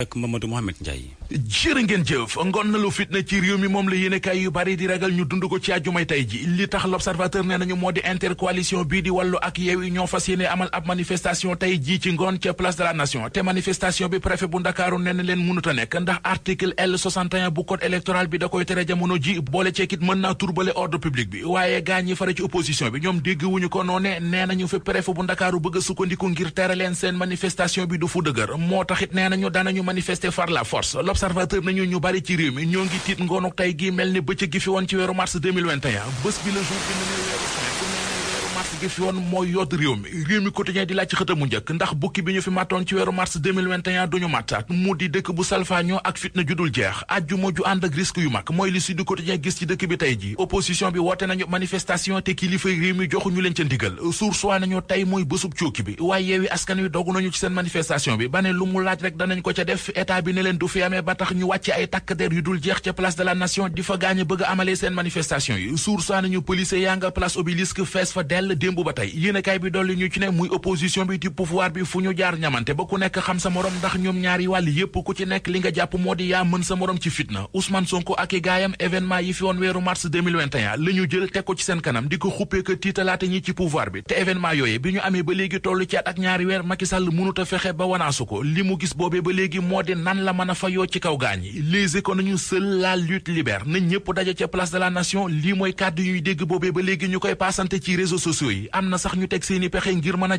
ak Mamadou ngeen jëf ngoon na lu fitna ci réew mi moom la yéenekaay yu bari di ragal ñu dund ko ci àjjumay tey ji li tax l'observateur nee nañu moo di intercoalition bii di wàllu ak Yewwi ñoo fas yéene amal ab manifestation tey jii ci ngoon ca place de la nation te manifestation bi préfet bu Ndakaaru nee leen mënuta nekk ndax article L61 bi da koy tere jamono ji boole ceekit mën naa turbale ordre public bi waaye gaa ñi ci opposition manifester par la force l'observateur nañu ñu bari ci réew mi ñoo ngi tiit ngoonuk tey gi mel ni bëccëg gi fi woon ci weru mars 2021 bés bi la jour bi mars gi fi woon mooy yoot réew ndax bukki ñu fi matoon ci weeru mars 2021 duñu mataat mu di yu mag mooy li bi tey ji opposition bi leen ca ndigal source waa nañu tey mooy bésub cuukki bi waaye yeewi askan wi dogu nañu ci seen manifestation bi ba ne lu mu laaj rek danañ ko ca def état bi ne leen du fi amee ba tax ñu wàcce ay takk der yu dul jeex ca place de la nation di fa gaañe bëgg a amalee seen manifestation yi source waa nañu police yaa nga place obélisque fees fa dell la démb ba tey yéenekaay bi dolli ñu ci ne muy bi di pouvoir bi fu ñamante ba ku nekk xam sa morom ndax ñoom ñaari wàll yépp ku ci nekk li nga jàpp moo di yaa mën sa morom ci fitna Ousmane Sonko ak i gaayam événement yi fi woon weeru mars 2021 la ñu jël teg ko ci seen kanam di ko xuppee ko tiitalaate ñi ci pouvoir bi te événement yooyee bi ñu amee ba léegi toll ci at ak ñaari weer Macky Sall mënut a fexe ba wanaasu ko li mu gis boobee ba léegi moo di nan la mën a fayoo ci kaw gaañ yi les économies seule la lutte libère nañ ñëpp daje ca place de la nation lii mooy kàddu yuy dégg boobee ba léegi ñu koy paasante ci réseau sociaux sociaux yi am na sax ñu teg seeni pexe ngir mën a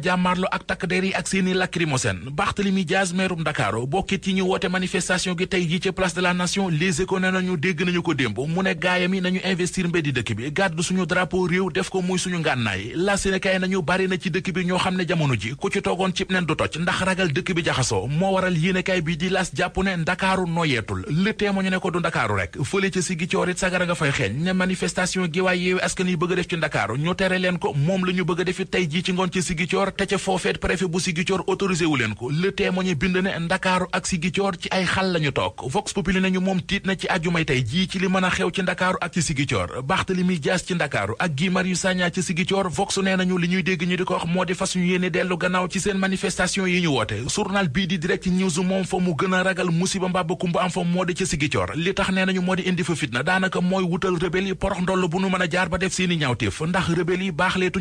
ak takk der yi ak seeni lacrymogène Barthélemy Diaz meerum Dakar bokkit ñu woote manifestation gi tey ji ci place de la nation Les Échos ne nañu dégg nañu ko démb mu ne gaayam yi nañu investir mbeddi dëkk bi gàddu suñu drapeau réew def ko muy suñu ngànnaay la Sénégal nañu bari ci dëkk bi ñoo xam ne jamono ji ku ci toogoon cib nen du toj ndax ragal dëkk bi jaxasoo moo waral yéenekaay bi di las moom la ñu bëgg a def tey jii ci ngoon ci Ziguinchor te ca foofeet préfet bu Ziguinchor autorisé wu leen ko le témoigné bind ne ndakaaru ak Ziguinchor ci ay xal la toog Vox Populi nañu moom tiit na ci àjjumay tey jii ci li mën a xew ci ndakaaru ak ci Ziguinchor Barthélémy Dias ci ndakaaru ak Guy Marius Sagna ci Ziguinchor Vox nee nañu li ñuy dégg ñu di ko wax moo di fas ñu yéene dellu gannaaw ci seen manifestation yi ñu woote journal bii di direct news moom fa mu gën a ragal musiba mbaa ba kumba di ci Ziguinchor li tax moo di indi fa fitna daanaka mooy wutal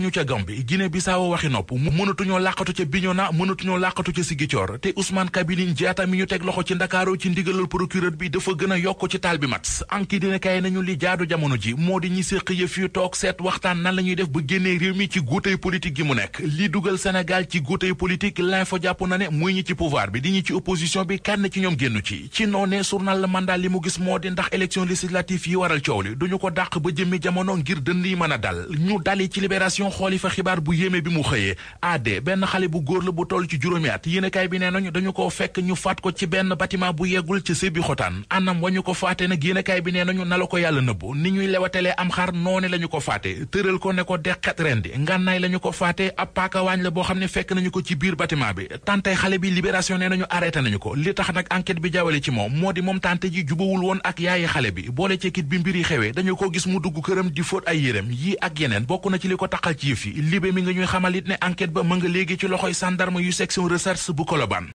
ñu ca Gambie Guinée Bissau waxi nopp mënatuñoo làqatu ca na mënatuñoo làqatu ca Ziguinchor te Ousmane Kabiline Diatta mi ñu teg loxo ci Ndakaaru ci ndigalal procureur bi dafa gën yokk ci taal bi mat anki dina kay nañu li jaadu jamono ji moo di ñi séq yëf yu toog seet waxtaan nan la ñuy def ba génnee réew mi ci guutay politique gi mu nekk li dugal Sénégal ci guutay politique l'info jàpp na ne muy ñi ci pouvoir bi di ñi ci opposition bi kenn ci ñoom génnu ci ci noonee journal li mu gis di ndax élection législative yi waral coow ko dàq ba jëmmi jamono ngir dënd yi mën a dal ñu dali ci libération ñoo xooli fa xibaar bu bi mu xëyee aade benn xale bu góor la bu toll ci juróomi at yéenekaay bi nee nañu dañu koo fekk ñu faat ko ci benn bâtiment bu yeggul ci sébi xotaan anam wa ñu ko faate nag yéenekaay bi nee nañu na la ko yàlla nëbbu ni ñuy lewatalee am xar noone la ñu ko faate tëral ko ne ko deqet rendi ngànnaay ko faate ab paakawaañ xam ne fekk nañu ko ci biir bâtiment bi tantey xale bi libération nee nañu arrêté nañu ko li tax nag enquête bi jaawale ci moom moo di moom tante ji jubawul woon ak yaayi xale bi boole ci kit bi mbir yi xewee dañu ko gis mu dugg këram di fóot ay yérem yi ak yeneen bokk na ci li ko ci yëf yi mi nga ñuy xamalit ne enquête ba mën nga léegi ci loxoy sandarma yu section recherche bu Colobane